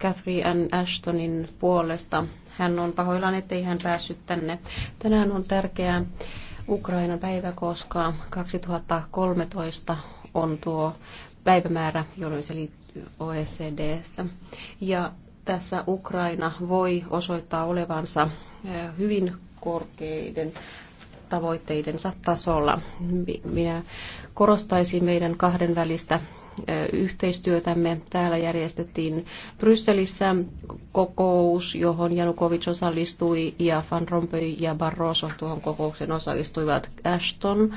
Catherine Ann Ashtonin puolesta. Hän on pahoillaan, ettei hän päässyt tänne. Tänään on tärkeää Ukrainan päivä, koska 2013 on tuo päivämäärä, jolloin se liittyy OECDssä. Ja tässä Ukraina voi osoittaa olevansa eh, hyvin korkeiden tavoitteidensa tasolla. Minä korostaisin meidän kahdenvälistä yhteistyötämme. Täällä järjestettiin Brysselissä kokous, johon Janukovic osallistui ja Van Rompuy ja Barroso tuohon kokoukseen osallistuivat. Ashton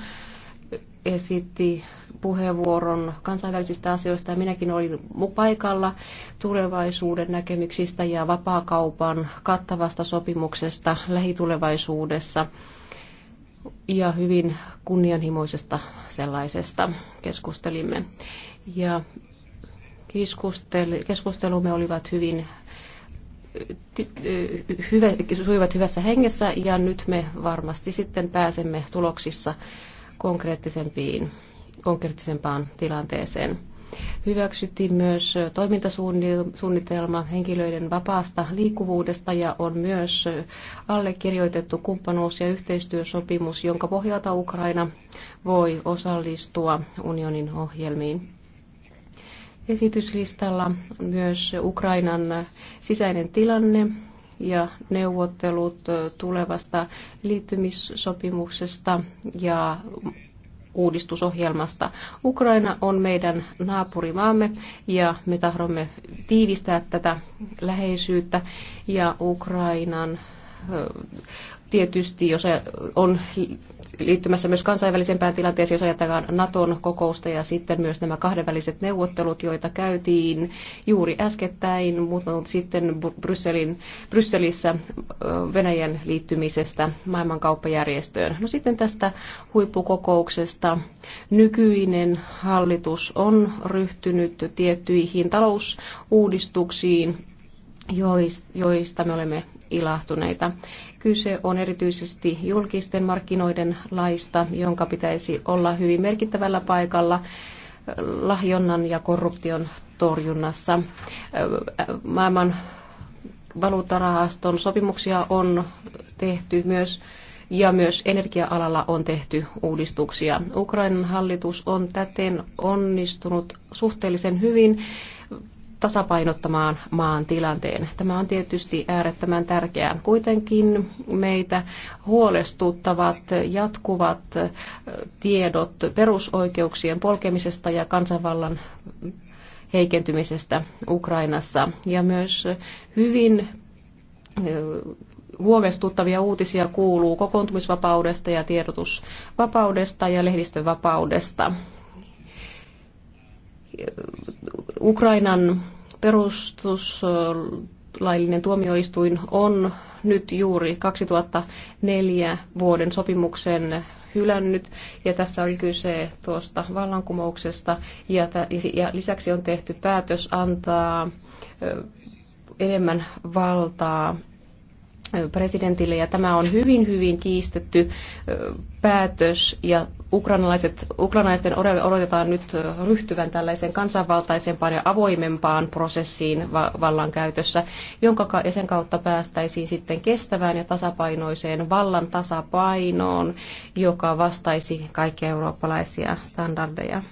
esitti puheenvuoron kansainvälisistä asioista ja minäkin olin paikalla tulevaisuuden näkemyksistä ja vapaakaupan kattavasta sopimuksesta lähitulevaisuudessa ja hyvin kunnianhimoisesta sellaisesta keskustelimme ja keskustelumme olivat hyvin hyvä, hyvässä hengessä ja nyt me varmasti sitten pääsemme tuloksissa konkreettisempiin, konkreettisempaan tilanteeseen. Hyväksyttiin myös toimintasuunnitelma henkilöiden vapaasta liikkuvuudesta ja on myös allekirjoitettu kumppanuus- ja yhteistyösopimus, jonka pohjalta Ukraina voi osallistua unionin ohjelmiin esityslistalla myös Ukrainan sisäinen tilanne ja neuvottelut tulevasta liittymissopimuksesta ja uudistusohjelmasta. Ukraina on meidän naapurimaamme ja me tahdomme tiivistää tätä läheisyyttä ja Ukrainan Tietysti jos on liittymässä myös kansainvälisempään tilanteeseen, jos ajatellaan Naton kokousta ja sitten myös nämä kahdenväliset neuvottelut, joita käytiin juuri äskettäin, mutta sitten Brysselin, Brysselissä Venäjän liittymisestä maailmankauppajärjestöön. No sitten tästä huippukokouksesta. Nykyinen hallitus on ryhtynyt tiettyihin talousuudistuksiin, joista me olemme ilahtuneita. Kyse on erityisesti julkisten markkinoiden laista, jonka pitäisi olla hyvin merkittävällä paikalla äh, lahjonnan ja korruption torjunnassa. Äh, maailman valuuttarahaston sopimuksia on tehty myös ja myös energia-alalla on tehty uudistuksia. Ukrainan hallitus on täten onnistunut suhteellisen hyvin tasapainottamaan maan tilanteen. Tämä on tietysti äärettömän tärkeää. Kuitenkin meitä huolestuttavat jatkuvat tiedot perusoikeuksien polkemisesta ja kansanvallan heikentymisestä Ukrainassa ja myös hyvin huolestuttavia uutisia kuuluu kokoontumisvapaudesta ja tiedotusvapaudesta ja lehdistönvapaudesta. Ukrainan Perustuslaillinen tuomioistuin on nyt juuri 2004 vuoden sopimuksen hylännyt ja tässä oli kyse tuosta vallankumouksesta ja, ja lisäksi on tehty päätös antaa enemmän valtaa presidentille ja tämä on hyvin hyvin kiistetty päätös ja Ukrainalaiset, ukrainalaisten odotetaan nyt ryhtyvän tällaiseen kansanvaltaisempaan ja avoimempaan prosessiin va- vallankäytössä, jonka ja sen kautta päästäisiin sitten kestävään ja tasapainoiseen vallan tasapainoon, joka vastaisi kaikkia eurooppalaisia standardeja.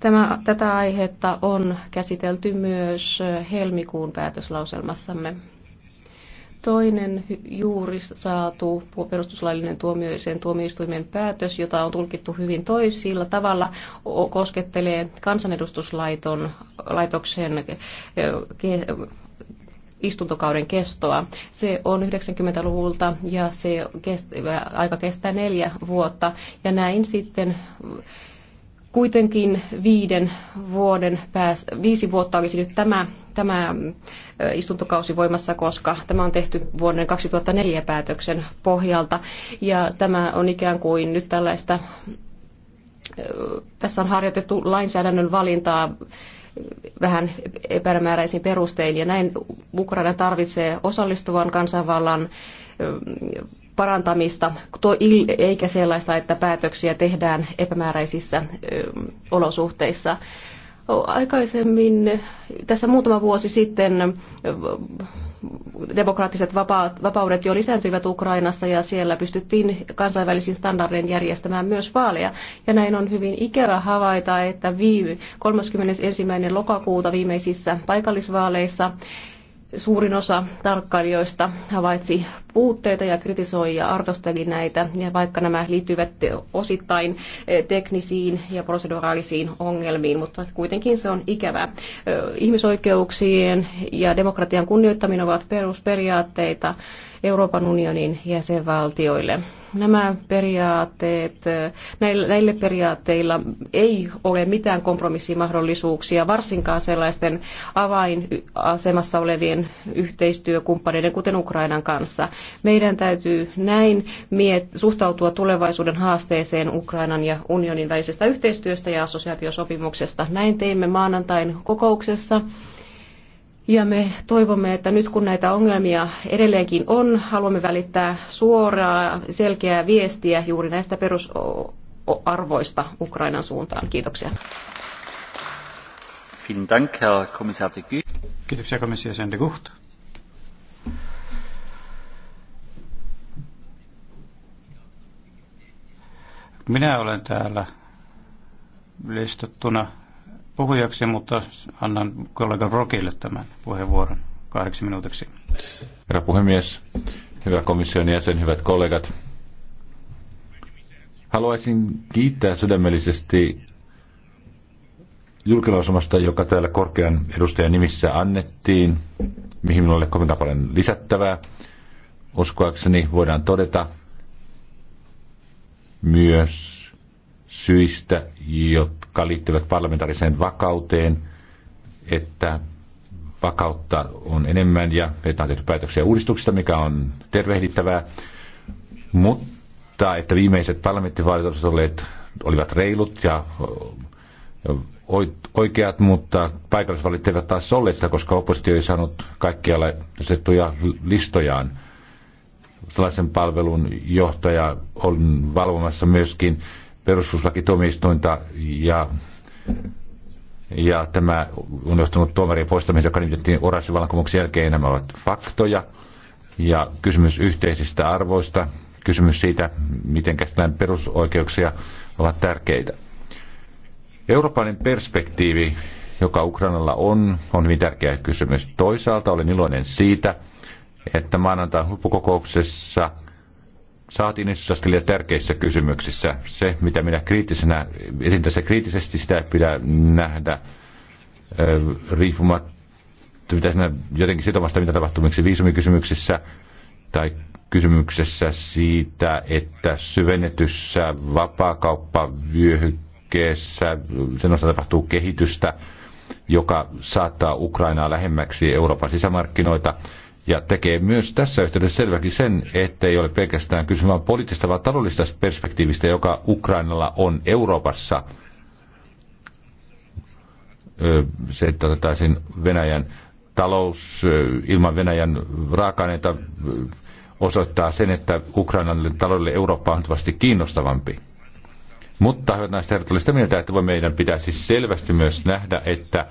Tämä, tätä aihetta on käsitelty myös helmikuun päätöslauselmassamme toinen juuri saatu perustuslaillinen tuomioiseen tuomioistuimen päätös, jota on tulkittu hyvin toisilla tavalla, koskettelee laitoksen istuntokauden kestoa. Se on 90-luvulta ja se kest, aika kestää neljä vuotta. Ja näin sitten kuitenkin viiden vuoden päästä, viisi vuotta olisi nyt tämä tämä istuntokausi voimassa, koska tämä on tehty vuoden 2004 päätöksen pohjalta. Ja tämä on ikään kuin nyt tällaista, tässä on harjoitettu lainsäädännön valintaa vähän epämääräisin perustein. Ja näin Ukraina tarvitsee osallistuvan kansanvallan parantamista, eikä sellaista, että päätöksiä tehdään epämääräisissä olosuhteissa. Aikaisemmin, tässä muutama vuosi sitten, demokraattiset vapaat, vapaudet jo lisääntyivät Ukrainassa ja siellä pystyttiin kansainvälisin standardein järjestämään myös vaaleja. Ja näin on hyvin ikävä havaita, että viime 31. lokakuuta viimeisissä paikallisvaaleissa Suurin osa tarkkailijoista havaitsi puutteita ja kritisoi ja arvosteli näitä, ja vaikka nämä liittyvät osittain eh, teknisiin ja proseduraalisiin ongelmiin, mutta kuitenkin se on ikävää. Eh, ihmisoikeuksien ja demokratian kunnioittaminen ovat perusperiaatteita Euroopan unionin jäsenvaltioille. Nämä periaatteet, näille periaatteilla ei ole mitään kompromissimahdollisuuksia, varsinkaan sellaisten avainasemassa olevien yhteistyökumppaneiden, kuten Ukrainan kanssa. Meidän täytyy näin miet- suhtautua tulevaisuuden haasteeseen Ukrainan ja unionin välisestä yhteistyöstä ja assosiaatiosopimuksesta. Näin teimme maanantain kokouksessa. Ja me toivomme, että nyt kun näitä ongelmia edelleenkin on, haluamme välittää suoraa, selkeää viestiä juuri näistä perusarvoista Ukrainan suuntaan. Kiitoksia. Kiitoksia komissio Sende Gucht. Minä olen täällä listattuna puhujaksi, mutta annan kollega Brokille tämän puheenvuoron kahdeksi minuutiksi. Herra puhemies, hyvä komission jäsen, hyvät kollegat. Haluaisin kiittää sydämellisesti julkilausumasta, joka täällä korkean edustajan nimissä annettiin, mihin minulla oli kovinkaan paljon lisättävää. Uskoakseni voidaan todeta myös syistä, jotka liittyvät parlamentaariseen vakauteen, että vakautta on enemmän ja että on tehty päätöksiä uudistuksista, mikä on tervehdittävää. Mutta että viimeiset parlamenttivaalit olivat olleet, olivat reilut ja oikeat, mutta paikallisvalit eivät taas olleet sitä, koska oppositio ei saanut kaikkialla asettuja listojaan. Sellaisen palvelun johtaja on valvomassa myöskin perustuslakituomioistuinta ja, ja tämä unohtunut tuomarien poistaminen, joka nimitettiin Oranssin vallankumouksen jälkeen. Nämä ovat faktoja ja kysymys yhteisistä arvoista, kysymys siitä, miten käsitellään perusoikeuksia, ovat tärkeitä. Eurooppalainen perspektiivi, joka Ukrainalla on, on hyvin tärkeä kysymys. Toisaalta olen iloinen siitä, että maanantain huippukokouksessa – saatiin edistysaskelia tärkeissä kysymyksissä. Se, mitä minä kriittisenä, etin tässä kriittisesti, sitä ei pidä nähdä riippumatta jotenkin sitomasta, mitä tapahtuu viisumikysymyksissä tai kysymyksessä siitä, että syvennetyssä vapaakauppavyöhykkeessä sen osa tapahtuu kehitystä, joka saattaa Ukrainaa lähemmäksi Euroopan sisämarkkinoita ja tekee myös tässä yhteydessä selväksi sen, että ei ole pelkästään kysymys vaan poliittista, vaan taloudellisesta perspektiivistä, joka Ukrainalla on Euroopassa. Se, että otetaan Venäjän talous ilman Venäjän raaka-aineita osoittaa sen, että Ukrainan taloudelle Eurooppa on huomattavasti kiinnostavampi. Mutta hyvät naiset herrat, sitä mieltä, että meidän pitäisi selvästi myös nähdä, että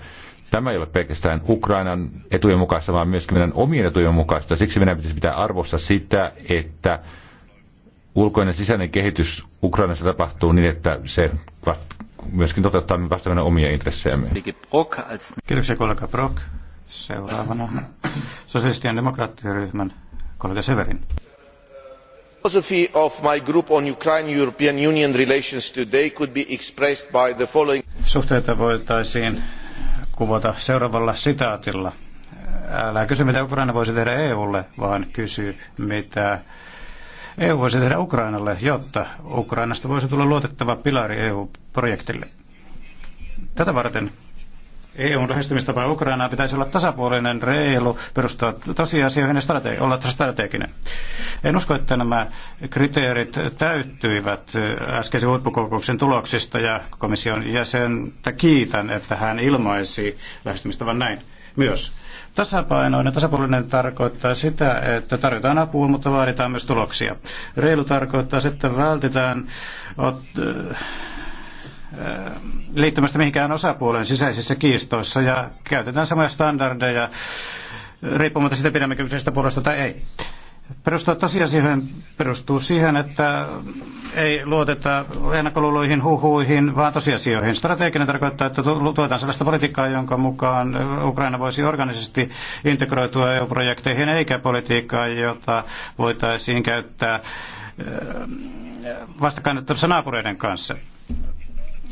Tämä ei ole pelkästään Ukrainan etujen mukaista, vaan myöskin meidän omien etujen mukaista. Siksi meidän pitäisi pitää arvossa sitä, että ulkoinen sisäinen kehitys Ukrainassa tapahtuu niin, että se myöskin toteuttaa vasta meidän omia intressejämme. Kiitoksia kollega Brock. Seuraavana sosialistien ryhmän kollega Severin philosophy of my group on ukraine european union relations today could be expressed by the following suhteita voitaisiin kuvata seuraavalla sitaatilla. Älä kysy, mitä Ukraina voisi tehdä EUlle, vaan kysy, mitä EU voisi tehdä Ukrainalle, jotta Ukrainasta voisi tulla luotettava pilari EU-projektille. Tätä varten EUn lähestymistapa Ukrainaa pitäisi olla tasapuolinen, reilu, perustaa tosiasioihin ja strategi- olla strateginen. En usko, että nämä kriteerit täyttyivät äskeisen huippukokouksen tuloksista ja komission jäsentä kiitän, että hän ilmaisi lähestymistavan näin myös. Tasapainoinen, tasapuolinen tarkoittaa sitä, että tarjotaan apua, mutta vaaditaan myös tuloksia. Reilu tarkoittaa, että vältetään ot, liittymästä mihinkään osapuolen sisäisissä kiistoissa ja käytetään samoja standardeja riippumatta siitä pidämmekö kyseisestä puolesta tai ei. Perustua tosiasioihin perustuu siihen, että ei luoteta ennakkoluuloihin, huhuihin, vaan tosiasioihin. Strateginen tarkoittaa, että tuetaan sellaista politiikkaa, jonka mukaan Ukraina voisi organisesti integroitua EU-projekteihin, eikä politiikkaa, jota voitaisiin käyttää vastakkainottelussa naapureiden kanssa.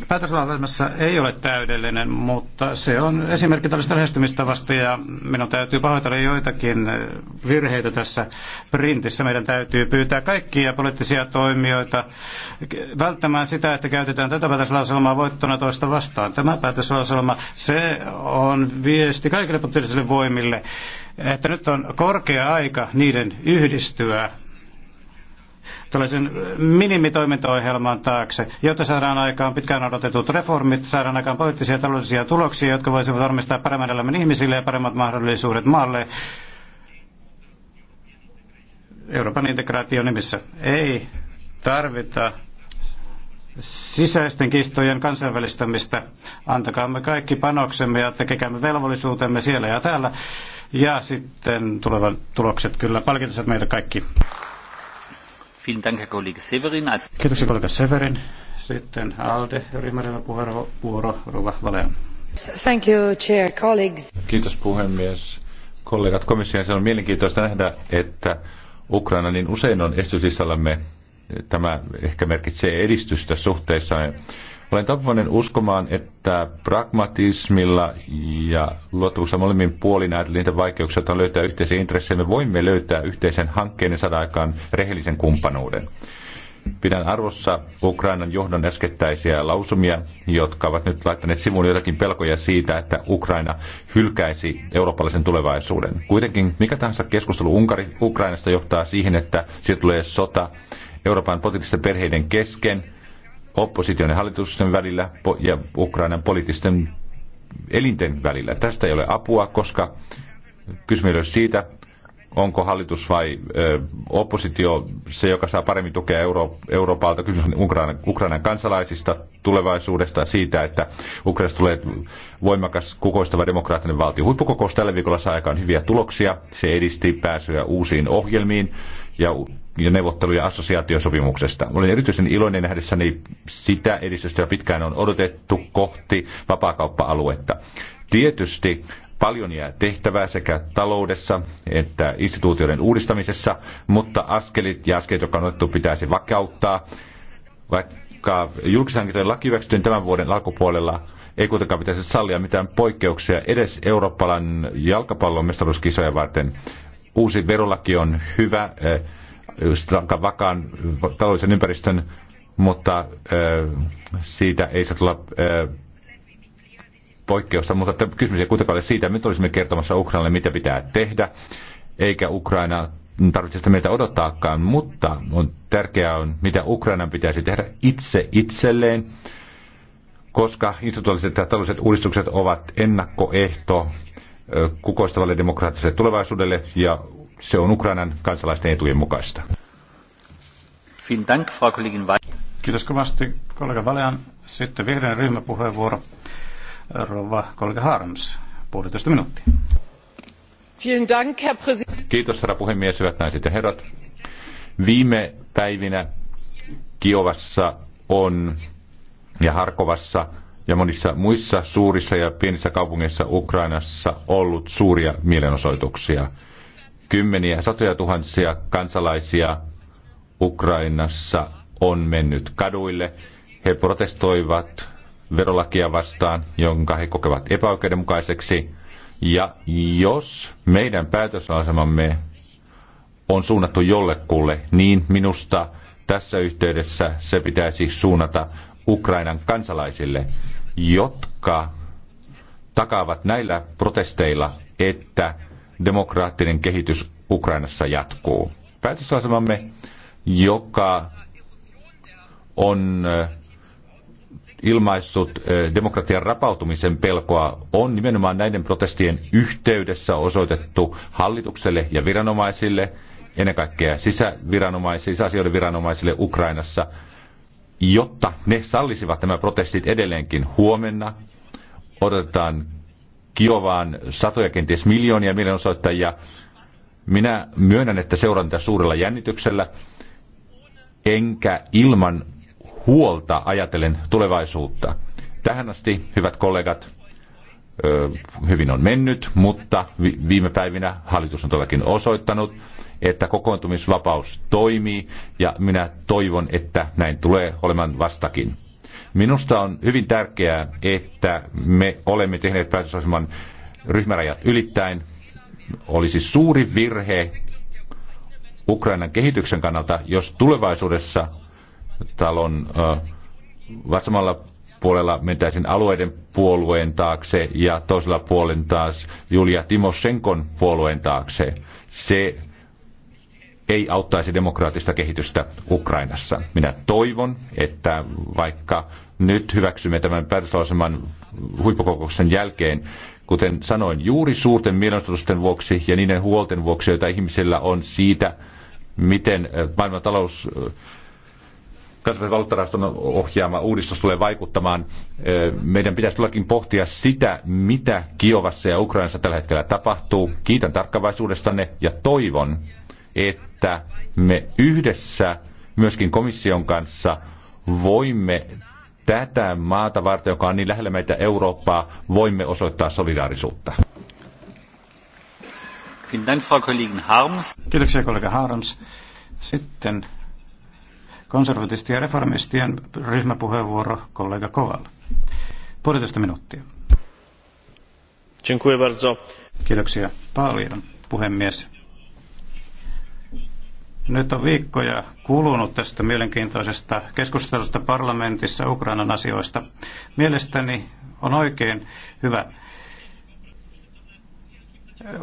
Päätöslauselmassa ei ole täydellinen, mutta se on esimerkki tällaista lähestymistavasta ja minun täytyy pahoitella joitakin virheitä tässä printissä. Meidän täytyy pyytää kaikkia poliittisia toimijoita välttämään sitä, että käytetään tätä päätöslauselmaa voittona toista vastaan. Tämä päätöslauselma, se on viesti kaikille poliittisille voimille, että nyt on korkea aika niiden yhdistyä tällaisen minimitoimintaohjelman taakse, jotta saadaan aikaan pitkään odotetut reformit, saadaan aikaan poliittisia ja taloudellisia tuloksia, jotka voisivat varmistaa paremman elämän ihmisille ja paremmat mahdollisuudet maalle Euroopan integraation nimissä. Ei tarvita sisäisten kistojen kansainvälistämistä. Antakaamme kaikki panoksemme ja tekekäämme velvollisuutemme siellä ja täällä. Ja sitten tulevat tulokset kyllä palkitsevat meitä kaikki. Kiitoksia kollega Severin. Sitten Alde, ryhmäryhmä puheenvuoro, Rova Valean. Thank you, chair, colleagues. Kiitos puhemies. Kollegat komission, se on mielenkiintoista nähdä, että Ukraina niin usein on esityslistallamme. Tämä ehkä merkitsee edistystä suhteessa olen taipuvainen uskomaan, että pragmatismilla ja luottamuksella molemmin puolin ajatellen niitä vaikeuksia, on löytää yhteisiä intressejä, me voimme löytää yhteisen hankkeen ja saada aikaan rehellisen kumppanuuden. Pidän arvossa Ukrainan johdon äskettäisiä lausumia, jotka ovat nyt laittaneet sivuun jotakin pelkoja siitä, että Ukraina hylkäisi eurooppalaisen tulevaisuuden. Kuitenkin mikä tahansa keskustelu Unkari, Ukrainasta johtaa siihen, että siitä tulee sota Euroopan poliittisten perheiden kesken – opposition ja hallitusten välillä ja Ukrainan poliittisten elinten välillä. Tästä ei ole apua, koska kysymys on siitä, onko hallitus vai ö, oppositio se, joka saa paremmin tukea Euro- Euroopalta. Kysymys on Ukrainan, Ukrainan kansalaisista, tulevaisuudesta, siitä, että Ukrainasta tulee voimakas, kukoistava demokraattinen valtio. Huippukokous tällä viikolla saa aikaan hyviä tuloksia. Se edisti pääsyä uusiin ohjelmiin ja ja neuvotteluja assosiaatiosopimuksesta. Olin erityisen iloinen nähdessäni sitä edistystä, pitkään on odotettu kohti vapaakauppa-aluetta. Tietysti paljon jää tehtävää sekä taloudessa että instituutioiden uudistamisessa, mutta askelit ja askelit, jotka on otettu, pitäisi vakauttaa. Vaikka julkishankintojen laki hyväksyttiin tämän vuoden alkupuolella, ei kuitenkaan pitäisi sallia mitään poikkeuksia edes Euroopan jalkapallon mestaruuskisoja varten. Uusi verolaki on hyvä eh, vakaan taloudellisen ympäristön, mutta eh, siitä ei saa tulla eh, poikkeusta, mutta kysymys ei kuitenkaan ole siitä, että nyt olisimme kertomassa Ukrainalle, mitä pitää tehdä, eikä Ukraina tarvitse sitä meiltä odottaakaan, mutta on tärkeää on, mitä Ukrainan pitäisi tehdä itse itselleen, koska institutiolliset ja taloudelliset uudistukset ovat ennakkoehto kukoistavalle demokraattiselle tulevaisuudelle ja se on Ukrainan kansalaisten etujen mukaista. Kiitos kovasti kollega Valean. Sitten vihreän ryhmäpuheenvuoro. Rova kollega Harms, puolitoista minuuttia. Kiitos herra puhemies, hyvät naiset ja herrat. Viime päivinä Kiovassa on ja Harkovassa ja monissa muissa suurissa ja pienissä kaupungeissa Ukrainassa ollut suuria mielenosoituksia. Kymmeniä, satoja tuhansia kansalaisia Ukrainassa on mennyt kaduille. He protestoivat verolakia vastaan, jonka he kokevat epäoikeudenmukaiseksi. Ja jos meidän päätösasemamme on suunnattu jollekulle, niin minusta tässä yhteydessä se pitäisi suunnata Ukrainan kansalaisille, jotka takaavat näillä protesteilla, että demokraattinen kehitys Ukrainassa jatkuu. Päätösasemamme, joka on ilmaissut demokratian rapautumisen pelkoa, on nimenomaan näiden protestien yhteydessä osoitettu hallitukselle ja viranomaisille, ennen kaikkea sisäviranomaisille, sisäasioiden viranomaisille Ukrainassa – jotta ne sallisivat nämä protestit edelleenkin huomenna. Odotetaan Kiovaan satoja, kenties miljoonia mielenosoittajia. Minä myönnän, että seuraan tätä suurella jännityksellä, enkä ilman huolta ajatellen tulevaisuutta. Tähän asti, hyvät kollegat, hyvin on mennyt, mutta viime päivinä hallitus on todellakin osoittanut, että kokoontumisvapaus toimii ja minä toivon, että näin tulee olemaan vastakin. Minusta on hyvin tärkeää, että me olemme tehneet päätösaseman ryhmärajat ylittäin Olisi suuri virhe Ukrainan kehityksen kannalta, jos tulevaisuudessa talon vasemmalla puolella mentäisin alueiden puolueen taakse ja toisella puolen taas Julia Timoshenkon puolueen taakse. Se ei auttaisi demokraattista kehitystä Ukrainassa. Minä toivon, että vaikka nyt hyväksymme tämän päätöslauseman huippukokouksen jälkeen, kuten sanoin, juuri suurten mielenosoitusten vuoksi ja niiden huolten vuoksi, joita ihmisillä on siitä, miten eh, maailman talous eh, kansainvälisen valuuttarahaston ohjaama uudistus tulee vaikuttamaan. Eh, meidän pitäisi tullakin pohtia sitä, mitä Kiovassa ja Ukrainassa tällä hetkellä tapahtuu. Kiitän tarkkavaisuudestanne ja toivon, että me yhdessä myöskin komission kanssa voimme tätä maata varten, joka on niin lähellä meitä Eurooppaa, voimme osoittaa solidaarisuutta. Kiitoksia kollega Harms. Sitten konservatistien ja reformistien ryhmäpuheenvuoro kollega Koval. Puolitoista minuuttia. Kiitoksia paljon, puhemies nyt on viikkoja kulunut tästä mielenkiintoisesta keskustelusta parlamentissa Ukrainan asioista. Mielestäni on oikein hyvä.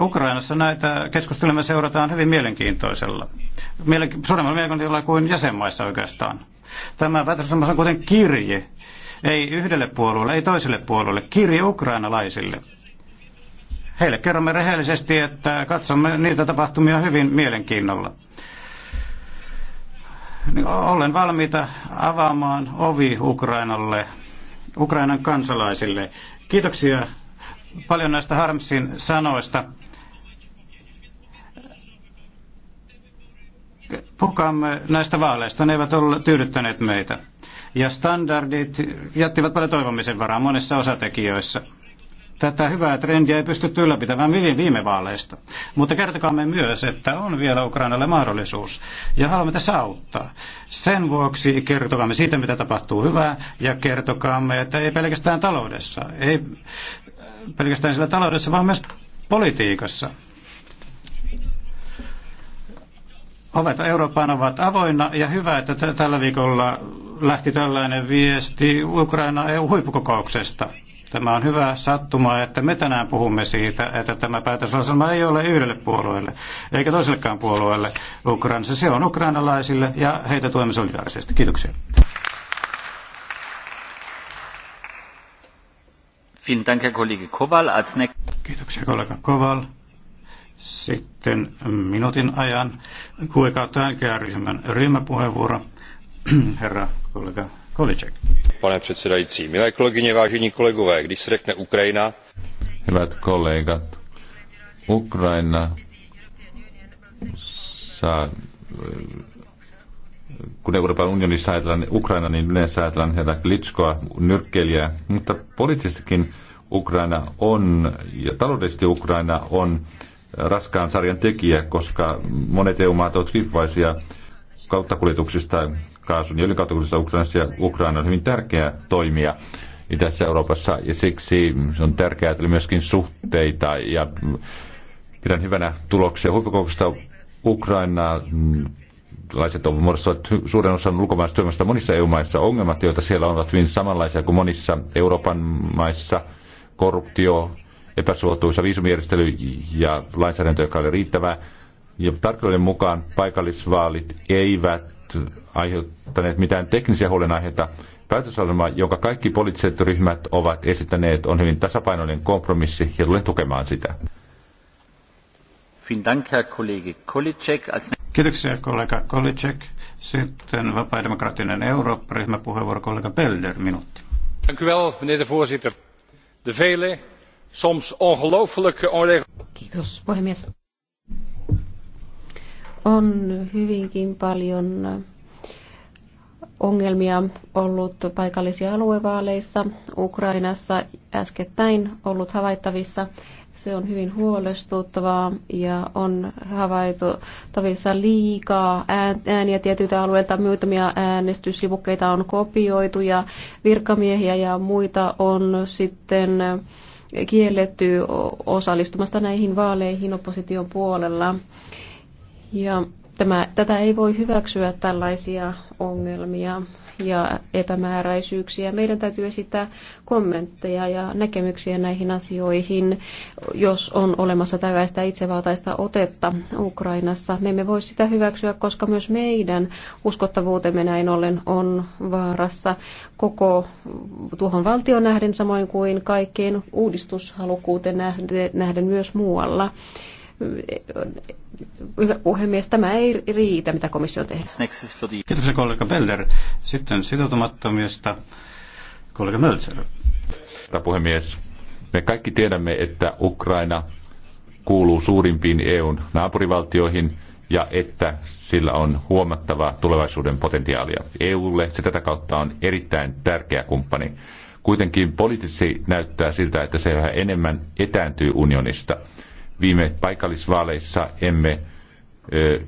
Ukrainassa näitä keskusteluja seurataan hyvin mielenkiintoisella, Mielenki- suuremmalla mielenkiintoisella kuin jäsenmaissa oikeastaan. Tämä päätösohjelma on kuten kirje, ei yhdelle puolueelle, ei toiselle puolueelle, kirje ukrainalaisille. Heille kerromme rehellisesti, että katsomme niitä tapahtumia hyvin mielenkiinnolla niin olen valmiita avaamaan ovi Ukrainalle, Ukrainan kansalaisille. Kiitoksia paljon näistä Harmsin sanoista. Pukaamme näistä vaaleista, ne eivät ole tyydyttäneet meitä. Ja standardit jättivät paljon toivomisen varaa monissa osatekijöissä. Tätä hyvää trendiä ei pysty ylläpitämään hyvin viime vaaleista. Mutta kertokaa me myös, että on vielä Ukrainalle mahdollisuus ja haluamme tässä auttaa. Sen vuoksi kertokaa me siitä, mitä tapahtuu hyvää ja kertokaa me, että ei pelkästään taloudessa, ei pelkästään sillä taloudessa, vaan myös politiikassa. Ovet Eurooppaan ovat avoinna ja hyvä, että tällä viikolla lähti tällainen viesti Ukraina EU-huippukokouksesta. Tämä on hyvä sattuma, että me tänään puhumme siitä, että tämä päätöslauselma ei ole yhdelle puolueelle, eikä toisellekaan puolueelle Ukrainassa. Se on ukrainalaisille ja heitä tuemme solidaarisesti. Kiitoksia. Kiitoksia kollega Koval. Sitten minuutin ajan kuikautta tämän ryhmän ryhmäpuheenvuoro, herra kollega Kolicek pane předsedající milé kolegyně vážení kolegové když se řekne ukrajina Hyvät kollegat, Ukraina saa, kun Euroopan unionissa ajatellaan Ukraina, niin yleensä ajatellaan herra Klitskoa, nyrkkeliä, mutta poliittisestikin Ukraina on, ja taloudellisesti Ukraina on raskaan sarjan tekijä, koska monet EU-maat ovat riippuvaisia kauttakuljetuksista kaasun ja öljykauttakuljetuksessa Ukrainassa ja Ukraina on hyvin tärkeä toimija tässä Euroopassa ja siksi on tärkeää, että myöskin suhteita ja pidän hyvänä tuloksia huippukokouksesta Ukraina laiset ovat muodostavat suuren osan työmästä monissa EU-maissa. Ongelmat, joita siellä on, ovat hyvin samanlaisia kuin monissa Euroopan maissa. Korruptio, epäsuotuisa viisumijärjestely ja lainsäädäntö, joka oli riittävää. Ja tarkkoiden mukaan paikallisvaalit eivät aiheuttaneet mitään teknisiä huolenaiheita. Päätösohjelma, jonka kaikki poliittiset ryhmät ovat esittäneet, on hyvin tasapainoinen kompromissi ja tulen tukemaan sitä. Kiitoksia kollega Kolicek. Sitten vapaa-demokraattinen Eurooppa-ryhmä puheenvuoro kollega Belder, minuutti. Kiitos, puhemies on hyvinkin paljon ongelmia ollut paikallisia aluevaaleissa Ukrainassa äskettäin ollut havaittavissa. Se on hyvin huolestuttavaa ja on havaittavissa liikaa ääniä tietyiltä alueilta. Muutamia äänestyssivukkeita on kopioitu ja virkamiehiä ja muita on sitten kielletty osallistumasta näihin vaaleihin opposition puolella. Ja tämä, tätä ei voi hyväksyä tällaisia ongelmia ja epämääräisyyksiä. Meidän täytyy esittää kommentteja ja näkemyksiä näihin asioihin, jos on olemassa tällaista itsevaltaista otetta Ukrainassa. Me emme voi sitä hyväksyä, koska myös meidän uskottavuutemme näin ollen on vaarassa koko tuohon valtion nähden, samoin kuin kaikkien uudistushalukkuuteen nähden, nähden myös muualla. Puhemies, tämä ei riitä, mitä komissio on tehnyt. Kiitos kollega Belder. Sitten sitoutumattomista kollega Mölzer. Herra puhemies, me kaikki tiedämme, että Ukraina kuuluu suurimpiin EUn naapurivaltioihin – ja että sillä on huomattava tulevaisuuden potentiaalia. EUlle se tätä kautta on erittäin tärkeä kumppani. Kuitenkin poliittisesti näyttää siltä, että se yhä enemmän etääntyy unionista. Viime paikallisvaaleissa emme ö,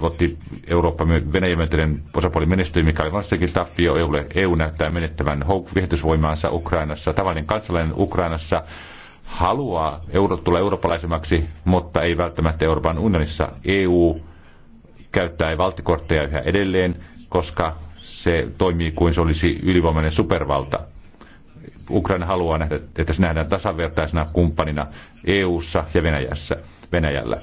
otti Eurooppa Venäjän osapuoli menestyi, mikä oli varsinkin tappio EUlle. EU näyttää menettävän viehitysvoimaansa Ukrainassa. Tavallinen kansalainen Ukrainassa haluaa euro, tulla eurooppalaisemmaksi, mutta ei välttämättä Euroopan unionissa. EU käyttää valtikortteja yhä edelleen, koska se toimii kuin se olisi ylivoimainen supervalta. Ukraina haluaa nähdä, että se nähdään tasavertaisena kumppanina EU:ssa ja Venäjässä, Venäjällä.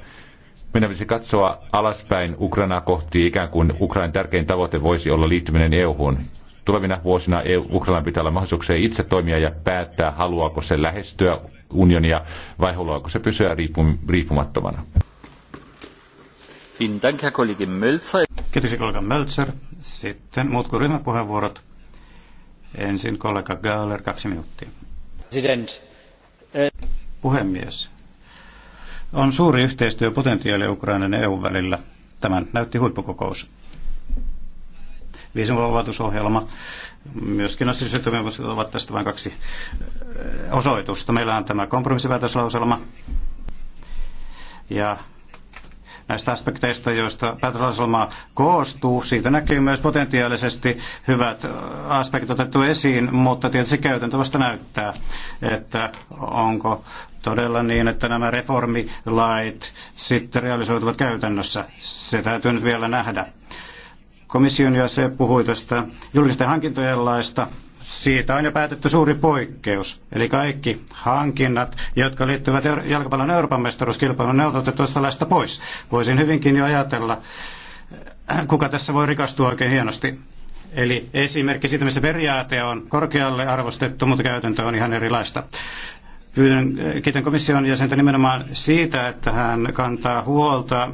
Meidän pitäisi katsoa alaspäin Ukrainaa kohti, ikään kuin Ukrainan tärkein tavoite voisi olla liittyminen EU:hun. Tulevina vuosina EU, Ukrainan pitää olla mahdollisuuksia itse toimia ja päättää, haluaako se lähestyä unionia vai haluaako se pysyä riippumattomana. Kiitos kollega Mölzer. Sitten muut kuin ryhmäpuheenvuorot. Ensin kollega Gaaler, kaksi minuuttia. President. Eh- Puhemies. On suuri yhteistyöpotentiaali Ukrainan ja EUn välillä. Tämän näytti huippukokous. Viisumivapautusohjelma, myöskin asioitusjuttuvat ovat tästä vain kaksi eh, osoitusta. Meillä on tämä kompromissipäätöslauselma ja näistä aspekteista, joista päätöslauselma koostuu. Siitä näkyy myös potentiaalisesti hyvät aspektit otettu esiin, mutta tietysti käytäntö vasta näyttää, että onko todella niin, että nämä reformilait sitten realisoituvat käytännössä. Se täytyy nyt vielä nähdä. Komission ja se puhui tästä julkisten hankintojen laista, siitä on jo päätetty suuri poikkeus. Eli kaikki hankinnat, jotka liittyvät jalkapallon Euroopan mestaruuskilpailuun, ne on otettu tästä pois. Voisin hyvinkin jo ajatella, äh, kuka tässä voi rikastua oikein hienosti. Eli esimerkki siitä, missä periaate on korkealle arvostettu, mutta käytäntö on ihan erilaista. Pyydän, kiitän komission jäsentä nimenomaan siitä, että hän kantaa huolta äh,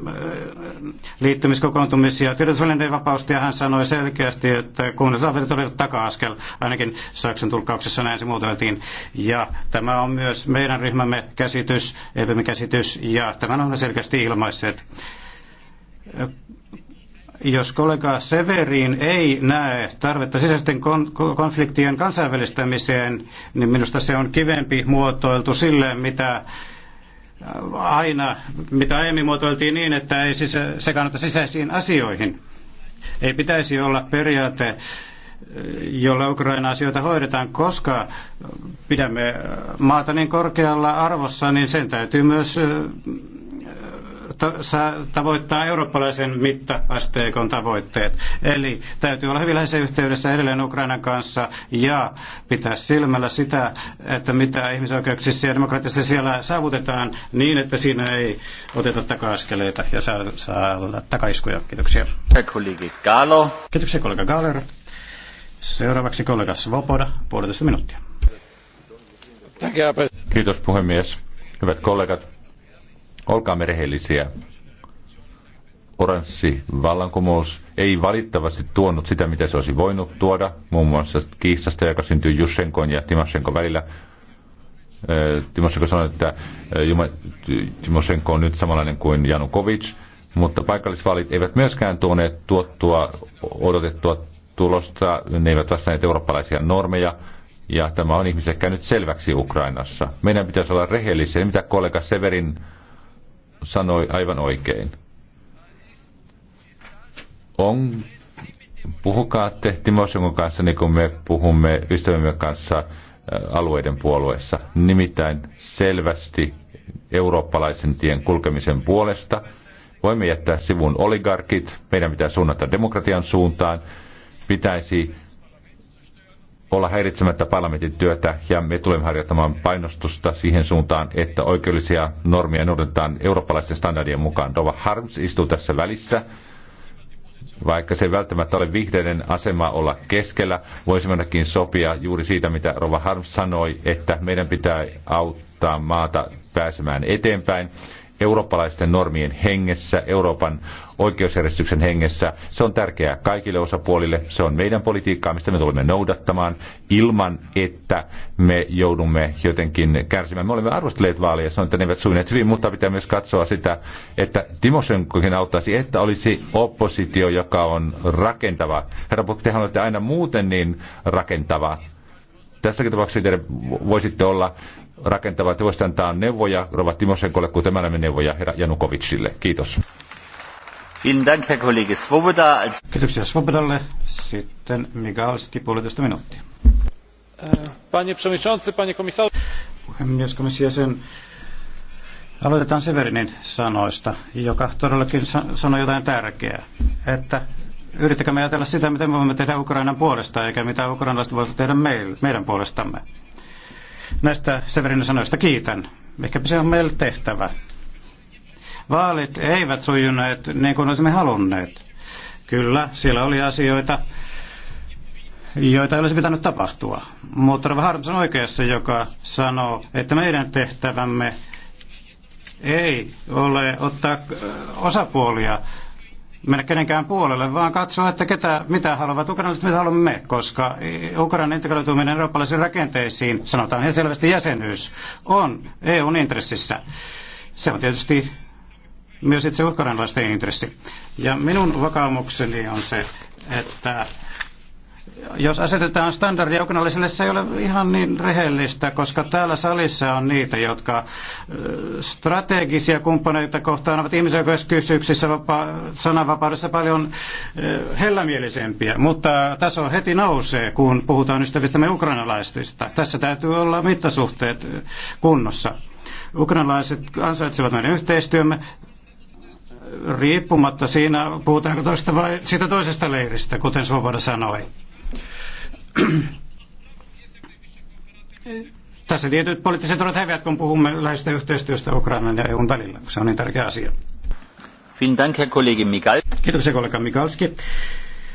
liittymiskokoontumis- ja tiedotusvälineiden vapausta, ja hän sanoi selkeästi, että kunnalliset ovat todella taka-askel, ainakin Saksan tulkauksessa näin se muotoiltiin. Ja tämä on myös meidän ryhmämme käsitys, EPM-käsitys, ja tämän on selkeästi ilmaisseet jos kollega Severin ei näe tarvetta sisäisten konfliktien kansainvälistämiseen, niin minusta se on kivempi muotoiltu sille, mitä äh, aina, mitä aiemmin muotoiltiin niin, että ei sisä, se kannata sisäisiin asioihin. Ei pitäisi olla periaate, äh, jolla Ukraina-asioita hoidetaan, koska pidämme maata niin korkealla arvossa, niin sen täytyy myös äh, tavoittaa eurooppalaisen mittaasteikon tavoitteet. Eli täytyy olla hyvin läheisessä yhteydessä edelleen Ukrainan kanssa ja pitää silmällä sitä, että mitä ihmisoikeuksissa ja demokratiassa siellä saavutetaan niin, että siinä ei oteta taka-askeleita ja saa, saa takaiskuja. Kiitoksia. Galo. Kiitoksia kollega Galler. Seuraavaksi kollega Svoboda, puolitoista minuuttia. Kiitos puhemies. Hyvät kollegat, Olkaamme rehellisiä. Oranssi vallankumous ei valittavasti tuonut sitä, mitä se olisi voinut tuoda, muun muassa kiistasta, joka syntyi Jussenkon ja Timoshenkon välillä. Timoshenko sanoi, että Timoshenko on nyt samanlainen kuin Janukovic, mutta paikallisvaalit eivät myöskään tuoneet tuottua odotettua tulosta, ne eivät vastanneet eurooppalaisia normeja, ja tämä on ihmisille käynyt selväksi Ukrainassa. Meidän pitäisi olla rehellisiä, mitä kollega Severin sanoi aivan oikein. On, puhukaa te Sungun kanssa niin kuin me puhumme ystävämme kanssa äh, alueiden puolueessa. Nimittäin selvästi eurooppalaisen tien kulkemisen puolesta. Voimme jättää sivun oligarkit, meidän pitää suunnata demokratian suuntaan. Pitäisi olla häiritsemättä parlamentin työtä ja me tulemme harjoittamaan painostusta siihen suuntaan, että oikeudellisia normeja noudatetaan eurooppalaisten standardien mukaan. Dova Harms istuu tässä välissä. Vaikka se ei välttämättä ole vihreiden asema olla keskellä, voisimme ainakin sopia juuri siitä, mitä Rova Harms sanoi, että meidän pitää auttaa maata pääsemään eteenpäin eurooppalaisten normien hengessä, Euroopan oikeusjärjestyksen hengessä. Se on tärkeää kaikille osapuolille. Se on meidän politiikkaa, mistä me tulemme noudattamaan ilman, että me joudumme jotenkin kärsimään. Me olemme arvostelleet vaaleja, sanoin, että ne eivät suineet hyvin, mutta pitää myös katsoa sitä, että Timoshenkokin auttaisi, että olisi oppositio, joka on rakentava. Herra Pukki, tehän olette aina muuten niin rakentava. Tässäkin tapauksessa te voisitte olla rakentava. Te voisitte antaa neuvoja Rova Timosenkolle, kuten me neuvoja herra Janukovicille. Kiitos. Kiitoksia Svobodalle. Sitten Migalski, puolitoista minuuttia. Panie przewodniczący, panie komisarzu. Puhemies, komission Aloitetaan Severinin sanoista, joka todellakin sanoi jotain tärkeää, että yrittäkää me ajatella sitä, miten me voimme tehdä Ukrainan puolesta, eikä mitä ukrainalaiset voivat tehdä meille, meidän puolestamme. Näistä Severinin sanoista kiitän. Ehkäpä se on meille tehtävä. Vaalit eivät sujuneet niin kuin olisimme halunneet. Kyllä, siellä oli asioita, joita ei olisi pitänyt tapahtua. Mutta Rova Harms on oikeassa, joka sanoo, että meidän tehtävämme ei ole ottaa äh, osapuolia mennä kenenkään puolelle, vaan katsoa, että ketä, mitä haluavat ukrainalaiset, mitä haluamme me, koska Ukrainan integroituminen eurooppalaisiin rakenteisiin, sanotaan ihan selvästi jäsenyys, on EUn intressissä. Se on tietysti myös itse ukrainalaisten intressi. Ja minun vakaumukseni on se, että jos asetetaan standardia ukrainalaisille, se ei ole ihan niin rehellistä, koska täällä salissa on niitä, jotka strategisia kumppaneita kohtaan ovat ihmisoikeuskysymyksissä vapa- sananvapaudessa paljon hellämielisempiä, mutta taso heti nousee, kun puhutaan ystävistämme ukrainalaisista. Tässä täytyy olla mittasuhteet kunnossa. Ukrainalaiset ansaitsevat meidän yhteistyömme riippumatta siinä, puhutaanko toista vai siitä toisesta leiristä, kuten Svoboda sanoi. Tässä tietyt poliittiset erot häviävät, kun puhumme läheisestä yhteistyöstä Ukrainan ja EUn välillä. Se on niin tärkeä asia. Dank, Herr Mikal. Kiitoksia kollega Mikalski.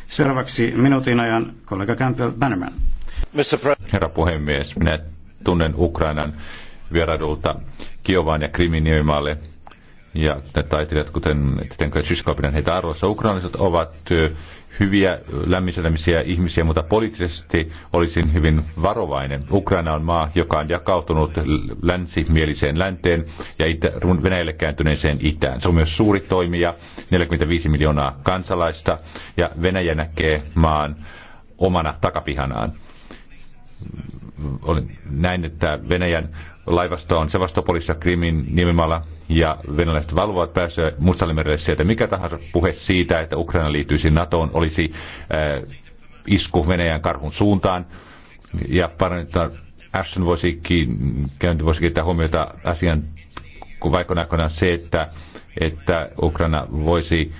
Seuraavaksi minuutin ajan kollega Campbell Bannerman. Herra puhemies, minä tunnen Ukrainan vierailulta Kiovaan ja Kriminioimaalle ja taiteilijat, kuten Titenko ja pidän heitä arvossa. Ukrainalaiset ovat hyviä lämmiselämisiä ihmisiä, mutta poliittisesti olisin hyvin varovainen. Ukraina on maa, joka on jakautunut länsimieliseen länteen ja itä, Venäjälle kääntyneeseen itään. Se on myös suuri toimija, 45 miljoonaa kansalaista, ja Venäjä näkee maan omana takapihanaan oli näin, että Venäjän laivasto on Sevastopolissa Krimin nimimalla ja venäläiset valvovat pääsyä Mustalimerelle sieltä. Mikä tahansa puhe siitä, että Ukraina liittyisi NATOon, olisi äh, isku Venäjän karhun suuntaan. Ja parannetta Ashton voisikin, voisi kiinnittää huomiota asian vaikkona se, että, että Ukraina voisi,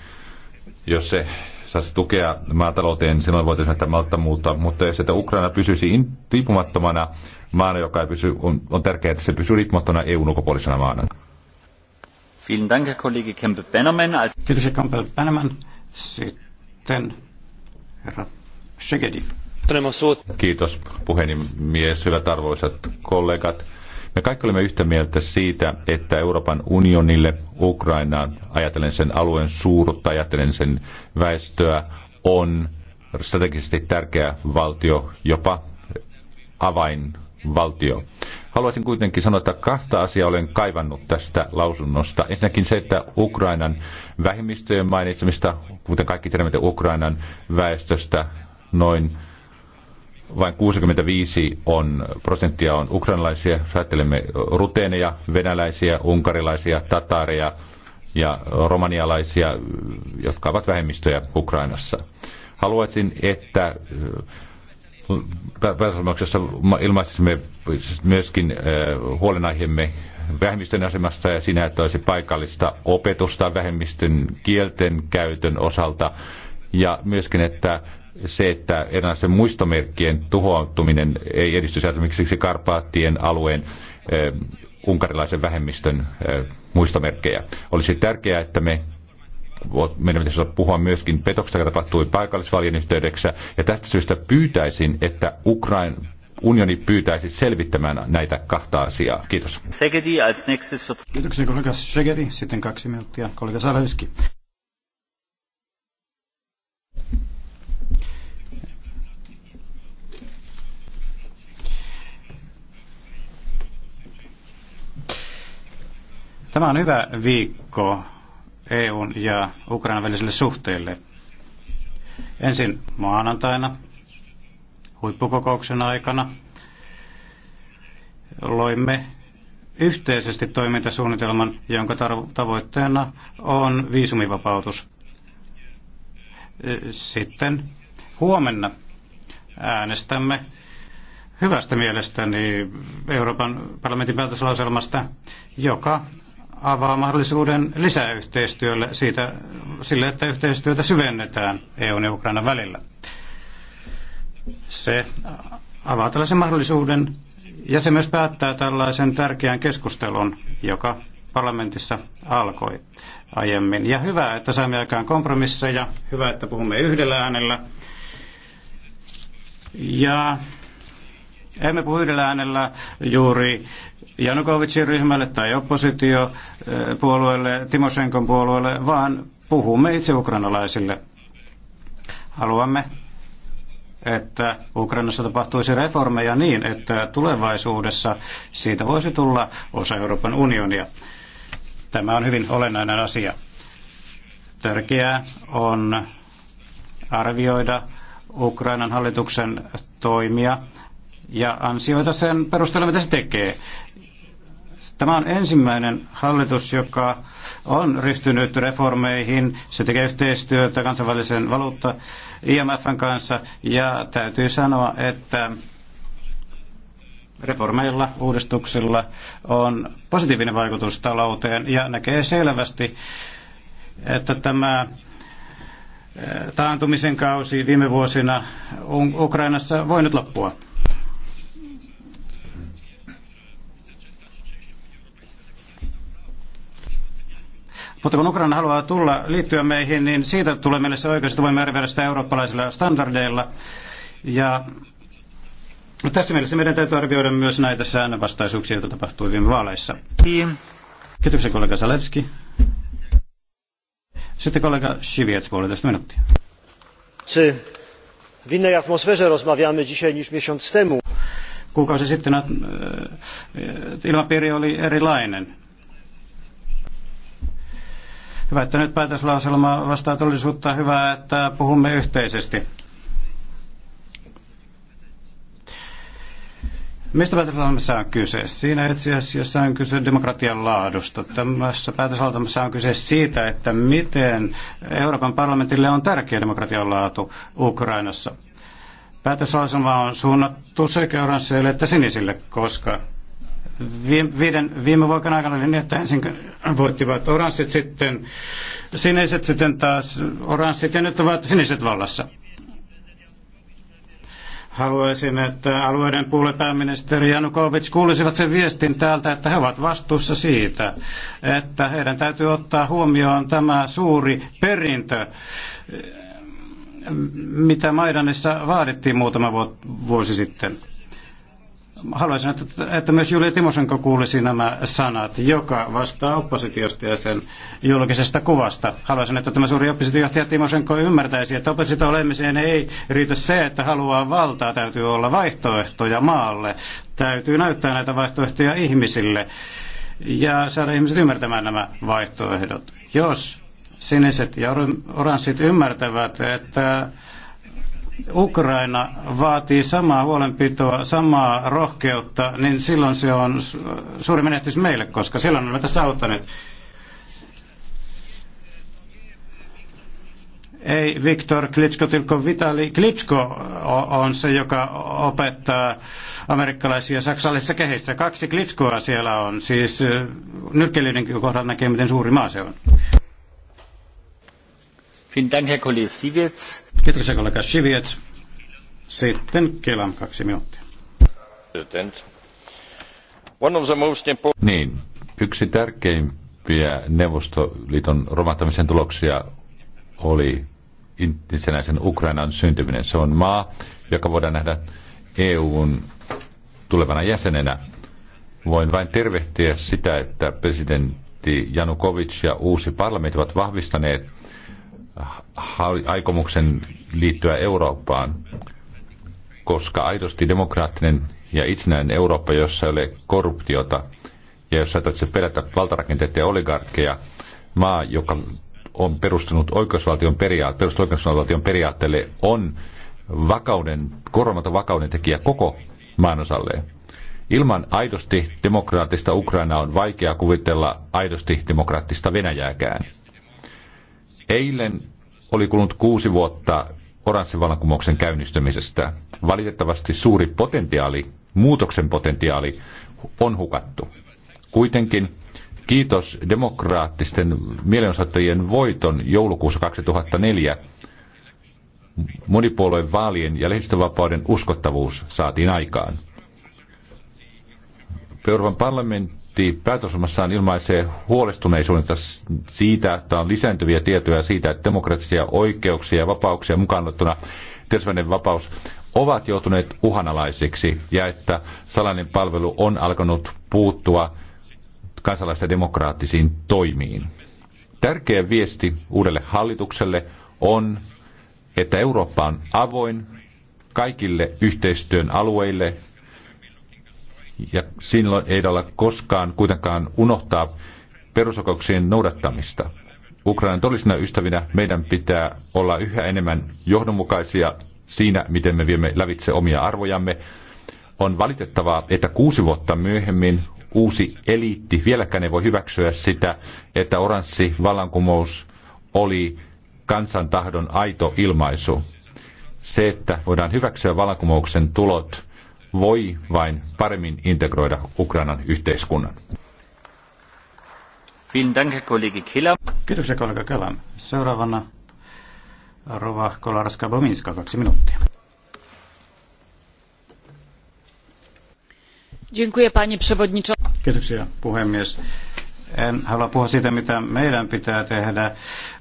jos se saisi tukea maatalouteen, silloin voitaisiin näyttää malta muuttaa. Mutta jos että Ukraina pysyisi riippumattomana maana, joka ei pysy, on, on tärkeää, että se pysyy riippumattomana EUn ulkopuolisena maana. Vielen Dank, Herr Kollege Campbell-Bannerman. Kiitos, Herr Campbell-Bannerman. Sitten herra Shegedi. Kiitos puhemies, hyvät arvoisat kollegat me kaikki olemme yhtä mieltä siitä, että Euroopan unionille, Ukrainaan, ajatellen sen alueen suuruutta, ajatellen sen väestöä, on strategisesti tärkeä valtio, jopa avainvaltio. Haluaisin kuitenkin sanoa, että kahta asiaa olen kaivannut tästä lausunnosta. Ensinnäkin se, että Ukrainan vähemmistöjen mainitsemista, kuten kaikki tiedämme, Ukrainan väestöstä noin vain 65 on, prosenttia on ukrainalaisia, ajattelemme ruteeneja, venäläisiä, unkarilaisia, tataareja ja romanialaisia, jotka ovat vähemmistöjä Ukrainassa. Haluaisin, että äh, päätösomuksessa ilmaisimme myöskin äh, huolenaiheemme vähemmistön asemasta ja siinä, että olisi paikallista opetusta vähemmistön kielten käytön osalta ja myöskin, että se, että erilaisten muistomerkkien tuhoantuminen ei edisty esimerkiksi Karpaattien alueen eh, unkarilaisen vähemmistön eh, muistomerkkejä. Olisi tärkeää, että me meidän pitäisi puhua myöskin petoksesta, joka tapahtui paikallisvaalien yhteydessä. Ja tästä syystä pyytäisin, että Ukrain unioni pyytäisi selvittämään näitä kahta asiaa. Kiitos. Kiitoksia kollega Segeri. Sitten kaksi minuuttia kollega Salevski. Tämä on hyvä viikko EUn ja Ukrainan välisille suhteille. Ensin maanantaina huippukokouksen aikana loimme yhteisesti toimintasuunnitelman, jonka tavoitteena on viisumivapautus. Sitten huomenna äänestämme hyvästä mielestäni Euroopan parlamentin päätöslauselmasta, joka avaa mahdollisuuden lisäyhteistyölle siitä, sille, että yhteistyötä syvennetään EUn ja Ukrainan välillä. Se avaa tällaisen mahdollisuuden ja se myös päättää tällaisen tärkeän keskustelun, joka parlamentissa alkoi aiemmin. Ja hyvä, että saimme aikaan kompromisseja, hyvä, että puhumme yhdellä äänellä. Ja emme puhu yhdellä äänellä juuri Janukovicin ryhmälle tai oppositiopuolueelle, eh, Timosenkon puolueelle, vaan puhumme itse ukrainalaisille. Haluamme, että Ukrainassa tapahtuisi reformeja niin, että tulevaisuudessa siitä voisi tulla osa Euroopan unionia. Tämä on hyvin olennainen asia. Tärkeää on arvioida Ukrainan hallituksen toimia ja ansioita sen perusteella, mitä se tekee. Tämä on ensimmäinen hallitus, joka on ryhtynyt reformeihin. Se tekee yhteistyötä kansainvälisen valuutta IMFn kanssa ja täytyy sanoa, että reformeilla, uudistuksilla on positiivinen vaikutus talouteen ja näkee selvästi, että tämä taantumisen kausi viime vuosina Ukrainassa voi nyt loppua. Mutta kun Ukraina haluaa tulla liittyä meihin, niin siitä tulee meille se oikeus, että voimme arvioida sitä eurooppalaisilla standardeilla. Ja tässä mielessä meidän täytyy arvioida myös näitä säännönvastaisuuksia, joita tapahtui viime vaaleissa. Kiitoksia kollega Salevski. Sitten kollega Siviec, puolitoista minuuttia. Czy w innej atmosferze rozmawiamy dzisiaj niż miesiąc temu? Kuukausi sitten äh, ilmapiiri oli erilainen Hyvä, että nyt päätöslauselma vastaa todellisuutta. Hyvä, että puhumme yhteisesti. Mistä päätöslauselmassa on kyse? Siinä itse asiassa on kyse demokratian laadusta. Tämässä päätöslauselmassa on kyse siitä, että miten Euroopan parlamentille on tärkeä demokratian laatu Ukrainassa. Päätöslauselma on suunnattu sekä oransseille että sinisille, koska viiden, viime vuoden aikana niin, että ensin voittivat oranssit, sitten siniset, sitten taas oranssit ja nyt ovat siniset vallassa. Haluaisin, että alueiden puoluepääministeri Janukovic kuulisivat sen viestin täältä, että he ovat vastuussa siitä, että heidän täytyy ottaa huomioon tämä suuri perintö, mitä Maidanissa vaadittiin muutama vuosi sitten. Haluaisin, että, että myös Julia Timosenko kuulisi nämä sanat, joka vastaa oppositiosta ja sen julkisesta kuvasta. Haluaisin, että tämä suuri oppositiojohtaja Timosenko ymmärtäisi, että oppositio olemiseen ei riitä se, että haluaa valtaa. Täytyy olla vaihtoehtoja maalle. Täytyy näyttää näitä vaihtoehtoja ihmisille ja saada ihmiset ymmärtämään nämä vaihtoehdot. Jos siniset ja oranssit ymmärtävät, että Ukraina vaatii samaa huolenpitoa, samaa rohkeutta, niin silloin se on suuri menetys meille, koska silloin olemme tässä auttaneet. Ei Viktor Klitschko, tilko Vitali Klitschko on se, joka opettaa amerikkalaisia saksalaisissa kehissä. Kaksi Klitschkoa siellä on, siis nyrkkeilyiden kohdalla näkee, miten suuri maa se on. Vielen Dank, Herr Kollege Kiitoksia kollega Siviets. Sitten Kelan kaksi minuuttia. Niin, yksi tärkeimpiä Neuvostoliiton romahtamisen tuloksia oli itsenäisen Ukrainan syntyminen. Se on maa, joka voidaan nähdä EUn tulevana jäsenenä. Voin vain tervehtiä sitä, että presidentti Janukovic ja uusi parlamentti ovat vahvistaneet aikomuksen liittyä Eurooppaan, koska aidosti demokraattinen ja itsenäinen Eurooppa, jossa ei ole korruptiota ja jossa ei tarvitse pelätä valtarakenteita ja oligarkkeja, maa, joka on perustunut oikeusvaltion, periaate, perustunut oikeusvaltion periaatteelle, on vakauden, korvamaton vakauden tekijä koko maanosalle. Ilman aidosti demokraattista Ukraina on vaikea kuvitella aidosti demokraattista Venäjääkään. Eilen oli kulunut kuusi vuotta oranssivallankumouksen käynnistymisestä. Valitettavasti suuri potentiaali, muutoksen potentiaali, on hukattu. Kuitenkin kiitos demokraattisten mielenosoittajien voiton joulukuussa 2004 monipuolueen vaalien ja lehdistövapauden uskottavuus saatiin aikaan. Euroopan parlamentti presidentti päätösomassaan ilmaisee huolestuneisuutta siitä, että on lisääntyviä tietoja siitä, että demokratisia oikeuksia ja vapauksia mukaan ottuna terveyden vapaus ovat joutuneet uhanalaisiksi ja että salainen palvelu on alkanut puuttua kansalaisten demokraattisiin toimiin. Tärkeä viesti uudelle hallitukselle on, että Eurooppa on avoin kaikille yhteistyön alueille ja silloin ei ole koskaan kuitenkaan unohtaa perusokouksien noudattamista. Ukrainan todellisina ystävinä meidän pitää olla yhä enemmän johdonmukaisia siinä, miten me viemme lävitse omia arvojamme. On valitettavaa, että kuusi vuotta myöhemmin uusi eliitti vieläkään ei voi hyväksyä sitä, että oranssi vallankumous oli kansan tahdon aito ilmaisu. Se, että voidaan hyväksyä vallankumouksen tulot, voi vain paremmin integroida Ukrainan yhteiskunnan. Kiitoksia kollega Kelam. Seuraavana Rova Kolarska-Bominska, kaksi minuuttia. Kiitoksia puhemies. En halua puhua siitä, mitä meidän pitää tehdä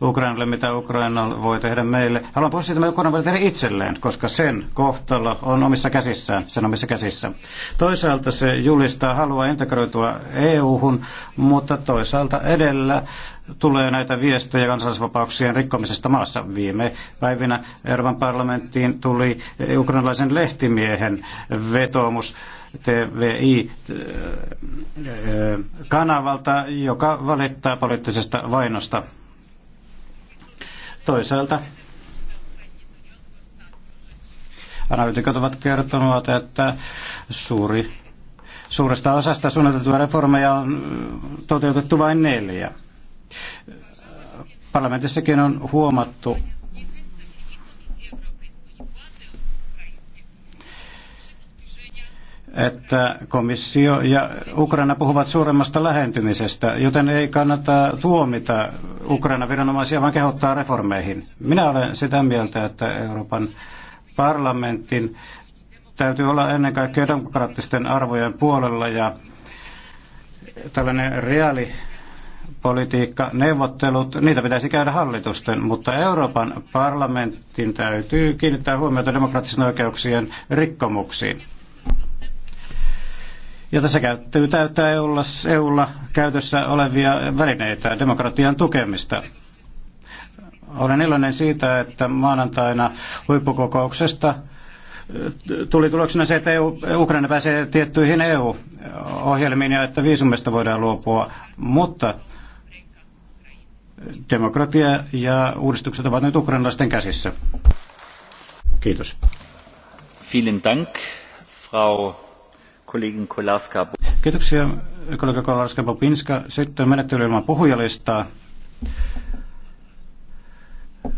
Ukrainalle, mitä Ukraina voi tehdä meille. Haluan puhua siitä, mitä Ukraina voi tehdä itselleen, koska sen kohtalo on omissa käsissään, sen omissa käsissä. Toisaalta se julistaa halua integroitua EU-hun, mutta toisaalta edellä tulee näitä viestejä kansalaisvapauksien rikkomisesta maassa. Viime päivinä Euroopan parlamenttiin tuli ukrainalaisen lehtimiehen vetoomus TVI-kanavalta, äh, joka valittaa poliittisesta vainosta. Toisaalta analytikot ovat kertoneet, että suuri, suuresta osasta suunniteltuja reformeja on äh, toteutettu vain neljä. Parlamentissakin on huomattu, että komissio ja Ukraina puhuvat suuremmasta lähentymisestä, joten ei kannata tuomita Ukraina viranomaisia, vaan kehottaa reformeihin. Minä olen sitä mieltä, että Euroopan parlamentin täytyy olla ennen kaikkea demokraattisten arvojen puolella ja tällainen reaali politiikka, neuvottelut, niitä pitäisi käydä hallitusten, mutta Euroopan parlamentin täytyy kiinnittää huomiota demokraattisten oikeuksien rikkomuksiin jota se käyttöy täyttää EUlla, EUlla käytössä olevia välineitä demokratian tukemista. Olen iloinen siitä, että maanantaina huippukokouksesta tuli tuloksena se, että EU, Ukraina pääsee tiettyihin EU-ohjelmiin ja että viisumista voidaan luopua, mutta demokratia ja uudistukset ovat nyt ukrainalaisten käsissä. Kiitos. Vielen Dank, Frau kollegin Kolaska. Kiitoksia kollega Kolaska Popinska. Sitten menettely ilman puhujalistaa.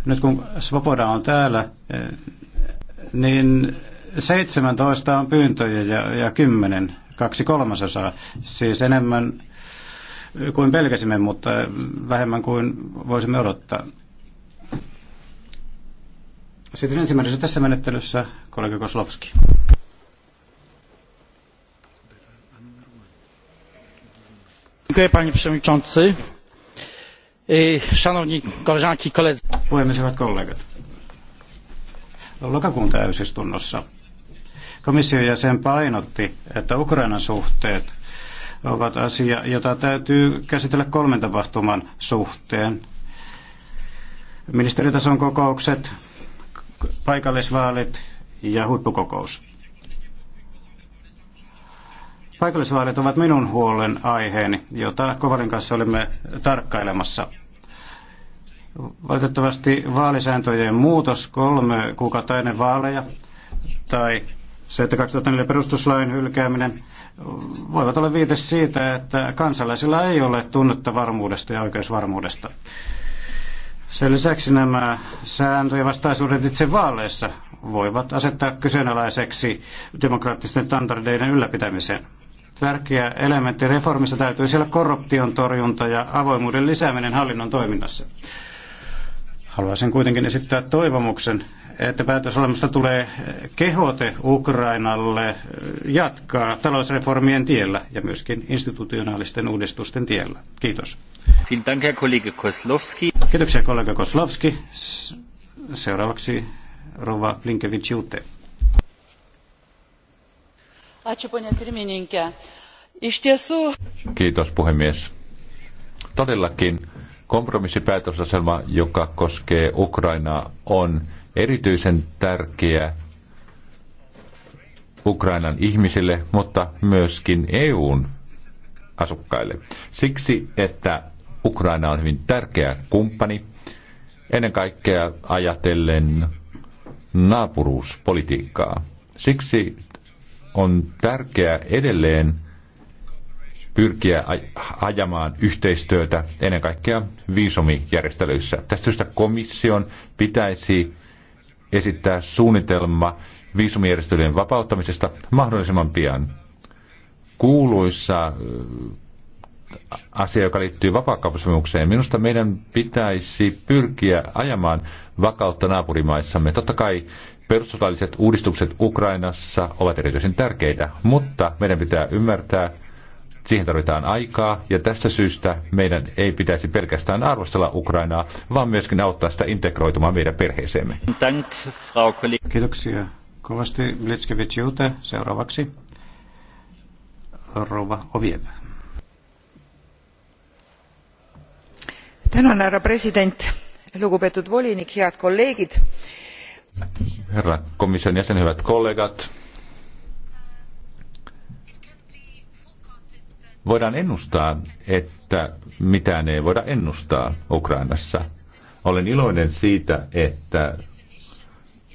Nyt kun Svoboda on täällä, eh, niin 17 on pyyntöjä ja, ja 10, kaksi kolmasosaa. Siis enemmän kuin pelkäsimme, mutta vähemmän kuin voisimme odottaa. Sitten ensimmäisenä tässä menettelyssä kollega Koslovski. panie przewodniczący! szanowni koleżanki i koledzy! puhemies hyvät kollegat lokakuun täysistunnossa komission jäsen painotti että ukrainan suhteet ovat asia jota täytyy käsitellä kolmen tapahtuman suhteen ministeritason kokoukset paikallisvaalit ja huippukokous. Paikallisvaalit ovat minun huolen aiheeni, jota Kovalin kanssa olimme tarkkailemassa. Valitettavasti vaalisääntöjen muutos kolme kuukautta ennen vaaleja tai se, että 2004 perustuslain hylkääminen voivat olla viite siitä, että kansalaisilla ei ole tunnetta varmuudesta ja oikeusvarmuudesta. Sen lisäksi nämä sääntöjen vastaisuudet itse vaaleissa voivat asettaa kyseenalaiseksi demokraattisten standardeiden ylläpitämisen tärkeä elementti reformissa täytyisi olla korruption torjunta ja avoimuuden lisääminen hallinnon toiminnassa. Haluaisin kuitenkin esittää toivomuksen, että päätösolemasta tulee kehote Ukrainalle jatkaa talousreformien tiellä ja myöskin institutionaalisten uudistusten tiellä. Kiitos. Kiitoksia kollega Koslovski. Seuraavaksi Rova Blinkevich-Jute. Kiitos puhemies. Todellakin kompromissipäätösasema, joka koskee Ukrainaa, on erityisen tärkeä Ukrainan ihmisille, mutta myöskin EUn asukkaille. Siksi, että Ukraina on hyvin tärkeä kumppani, ennen kaikkea ajatellen naapuruuspolitiikkaa. Siksi on tärkeää edelleen pyrkiä ajamaan yhteistyötä ennen kaikkea viisumijärjestelyissä. Tästä syystä komission pitäisi esittää suunnitelma viisumijärjestelyjen vapauttamisesta mahdollisimman pian. Kuuluissa äh, asia, joka liittyy vapaakauppasopimukseen. Minusta meidän pitäisi pyrkiä ajamaan vakautta naapurimaissamme. Totta kai perustuslailliset uudistukset Ukrainassa ovat erityisen tärkeitä, mutta meidän pitää ymmärtää, siihen tarvitaan aikaa ja tästä syystä meidän ei pitäisi pelkästään arvostella Ukrainaa, vaan myöskin auttaa sitä integroitumaan meidän perheeseemme. Kiitoksia kovasti Blitzkevich Jute. Seuraavaksi Rova Oviev. Tänan, herra president, lugupeetud volinik, head kolleegid Herra komission jäsen, hyvät kollegat. Voidaan ennustaa, että mitään ei voida ennustaa Ukrainassa. Olen iloinen siitä, että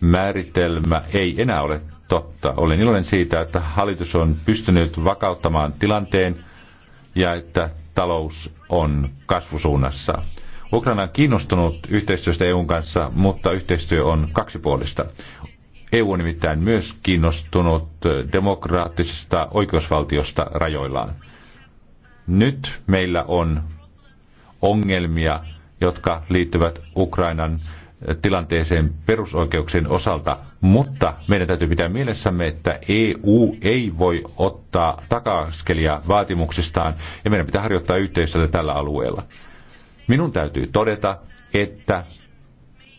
määritelmä ei enää ole totta. Olen iloinen siitä, että hallitus on pystynyt vakauttamaan tilanteen ja että talous on kasvusuunnassa. Ukraina on kiinnostunut yhteistyöstä EUn kanssa, mutta yhteistyö on kaksipuolista. EU on nimittäin myös kiinnostunut demokraattisesta oikeusvaltiosta rajoillaan. Nyt meillä on ongelmia, jotka liittyvät Ukrainan tilanteeseen perusoikeuksien osalta, mutta meidän täytyy pitää mielessämme, että EU ei voi ottaa takaskelia vaatimuksistaan ja meidän pitää harjoittaa yhteistyötä tällä alueella. Minun täytyy todeta, että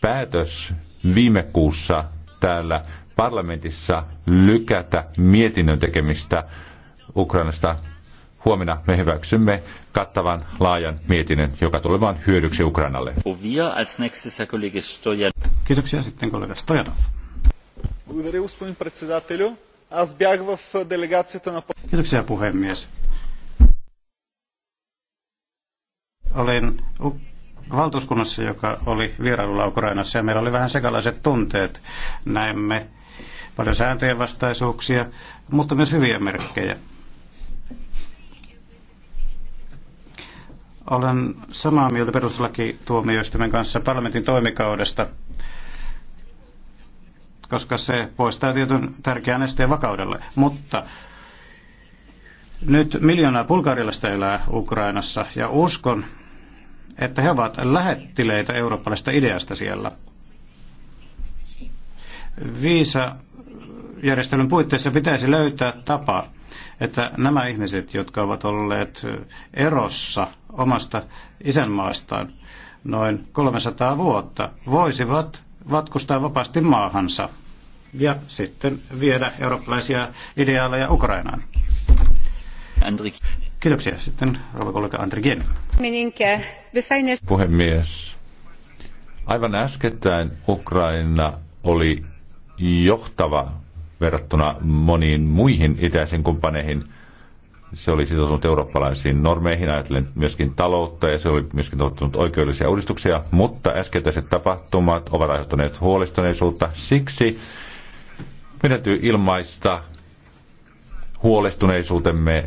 päätös viime kuussa täällä parlamentissa lykätä mietinnön tekemistä Ukrainasta. Huomenna me hyväksymme kattavan laajan mietinnön, joka tulee vain hyödyksi Ukrainalle. Kiitoksia sitten kollega Stojanov. Kiitoksia puhemies. Olin valtuuskunnassa, joka oli vierailulla Ukrainassa ja meillä oli vähän sekalaiset tunteet. Näemme paljon sääntöjen vastaisuuksia, mutta myös hyviä merkkejä. Olen samaa mieltä perustuslakituomioistuimen kanssa parlamentin toimikaudesta, koska se poistaa tietyn tärkeän esteen vakaudelle. Mutta nyt miljoonaa bulgarilaista elää Ukrainassa ja uskon, että he ovat lähettileitä eurooppalaisesta ideasta siellä. Viisa järjestelyn puitteissa pitäisi löytää tapa, että nämä ihmiset, jotka ovat olleet erossa omasta isänmaastaan noin 300 vuotta, voisivat vatkustaa vapaasti maahansa ja sitten viedä eurooppalaisia ideaaleja Ukrainaan. Kiitoksia. Sitten rouva Andri Gien. Puhemies. Aivan äskettäin Ukraina oli johtava verrattuna moniin muihin itäisen kumppaneihin. Se oli sitoutunut eurooppalaisiin normeihin, ajatellen myöskin taloutta ja se oli myöskin tottunut oikeudellisia uudistuksia, mutta äskeiset tapahtumat ovat aiheuttaneet huolestuneisuutta. Siksi meidän täytyy ilmaista huolestuneisuutemme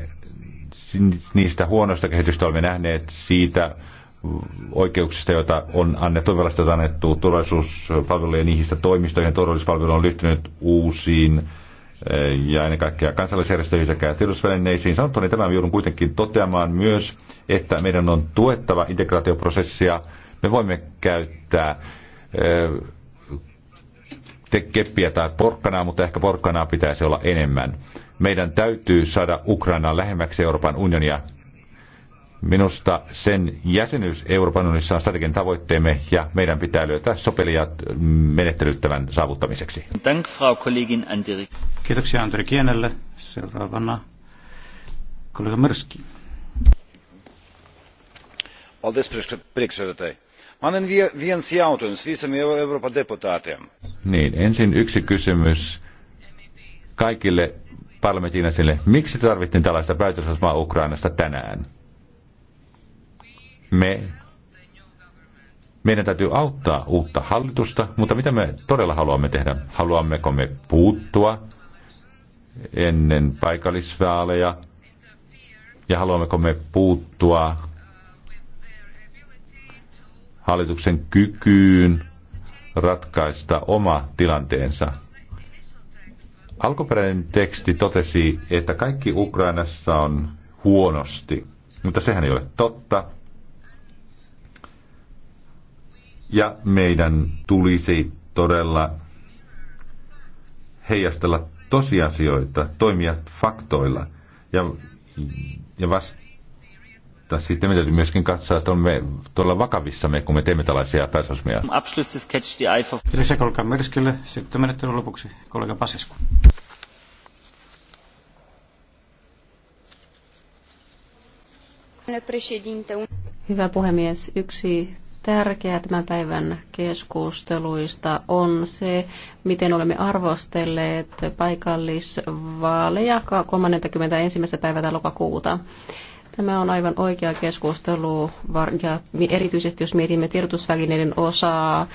Siis niistä huonoista kehitystä olemme nähneet siitä oikeuksista, joita on annettu, turvallisuutta on annettu turvallisuuspalvelujen niistä toimistoihin, turvallisuuspalvelu on liittynyt uusiin eh, ja ennen kaikkea kansallisjärjestöihin sekä tiedotusvälineisiin. Sanottu, niin tämän joudun kuitenkin toteamaan myös, että meidän on tuettava integraatioprosessia. Me voimme käyttää eh, te keppiä tai porkkanaa, mutta ehkä porkkanaa pitäisi olla enemmän. Meidän täytyy saada Ukrainaa lähemmäksi Euroopan unionia. Minusta sen jäsenyys Euroopan unionissa on strategian tavoitteemme ja meidän pitää löytää sopelijat menettelyt tämän saavuttamiseksi. Dank, Frau Kollegin Andri. Kiitoksia Andri Kienelle. Seuraavana kollega Myrski. Aldis priekšsēdētāji Mä vien viens jautājums siis visam Euroopan deputātiem. Niin, ensin yksi kysymys kaikille parlamentinasille. Miksi tarvittiin tällaista päätösasmaa Ukrainasta tänään? Me, meidän täytyy auttaa uutta hallitusta, mutta mitä me todella haluamme tehdä? Haluammeko me puuttua ennen paikallisvaaleja? Ja haluammeko me puuttua hallituksen kykyyn ratkaista oma tilanteensa. Alkuperäinen teksti totesi, että kaikki Ukrainassa on huonosti, mutta sehän ei ole totta. Ja meidän tulisi todella heijastella tosiasioita, toimia faktoilla ja, ja vasta mutta sitten me täytyy myöskin katsoa, että olemme tuolla me, kun me teemme tällaisia päätösmiä. Kiitoksia kollega Merskille. Sitten menettelyn lopuksi kollega Pasisku. Hyvä puhemies. Yksi tärkeä tämän päivän keskusteluista on se, miten olemme arvostelleet paikallisvaaleja 31. päivältä lokakuuta. Tämä on aivan oikea keskustelu, ja erityisesti jos mietimme tiedotusvälineiden osaa,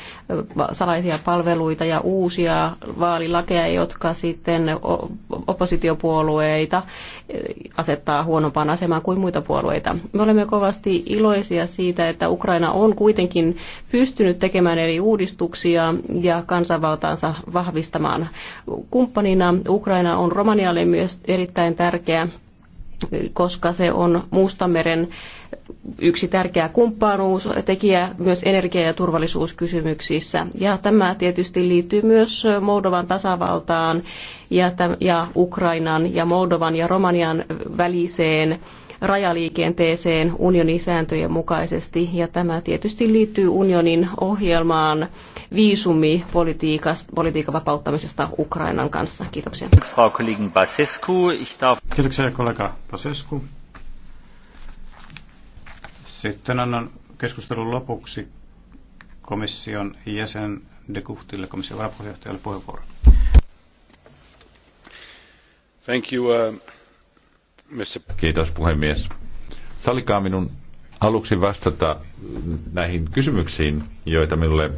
salaisia palveluita ja uusia vaalilakeja, jotka sitten oppositiopuolueita eh, asettaa huonompaan asemaan kuin muita puolueita. Me olemme kovasti iloisia siitä, että Ukraina on kuitenkin pystynyt tekemään eri uudistuksia ja kansanvaltaansa vahvistamaan. Kumppanina Ukraina on Romanialle myös erittäin tärkeä koska se on Mustameren yksi tärkeä kumppanuustekijä myös energia- ja turvallisuuskysymyksissä. Ja tämä tietysti liittyy myös Moldovan tasavaltaan ja, ja Ukrainan ja Moldovan ja Romanian väliseen rajaliikenteeseen unionin sääntöjen mukaisesti. Ja tämä tietysti liittyy unionin ohjelmaan viisumipolitiikan vapauttamisesta Ukrainan kanssa. Kiitoksia. Frau Kollegin Basescu, ich darf... Kiitoksia kollega Basescu. Sitten annan keskustelun lopuksi komission jäsen de Guchtille, komission varapuheenjohtajalle puheenvuoron. Thank you, uh... Kiitos puhemies. Sallikaa minun aluksi vastata näihin kysymyksiin, joita minulle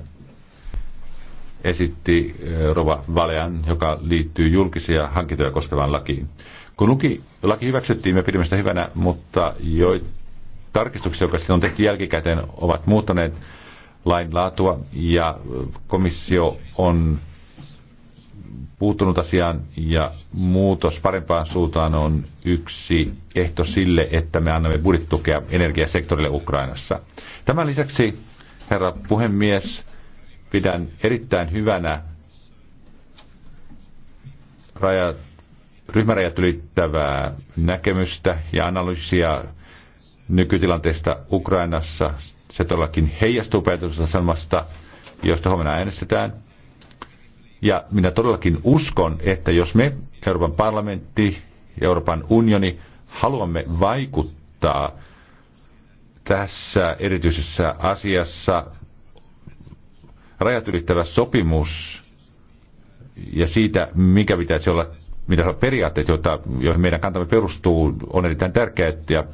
esitti eh, Rova Valean, joka liittyy julkisia hankintoja koskevaan lakiin. Kun luki, laki hyväksyttiin, me pidimme sitä hyvänä, mutta jo tarkistuksia, jotka sitten on tehty jälkikäteen, ovat muuttaneet lain laatua ja eh, komissio on puuttunut asiaan ja muutos parempaan suuntaan on yksi ehto sille, että me annamme budjettitukea energiasektorille Ukrainassa. Tämän lisäksi, herra puhemies, pidän erittäin hyvänä rajat, ryhmärajat ylittävää näkemystä ja analyysiä nykytilanteesta Ukrainassa. Se todellakin heijastuu päätöksestä sanomasta, josta huomenna äänestetään – ja minä todellakin uskon, että jos me, Euroopan parlamentti ja Euroopan unioni, haluamme vaikuttaa tässä erityisessä asiassa, rajat ylittävä sopimus ja siitä, mikä pitäisi olla mitä periaatteet, joita, joihin meidän kantamme perustuu, on erittäin tärkeää ja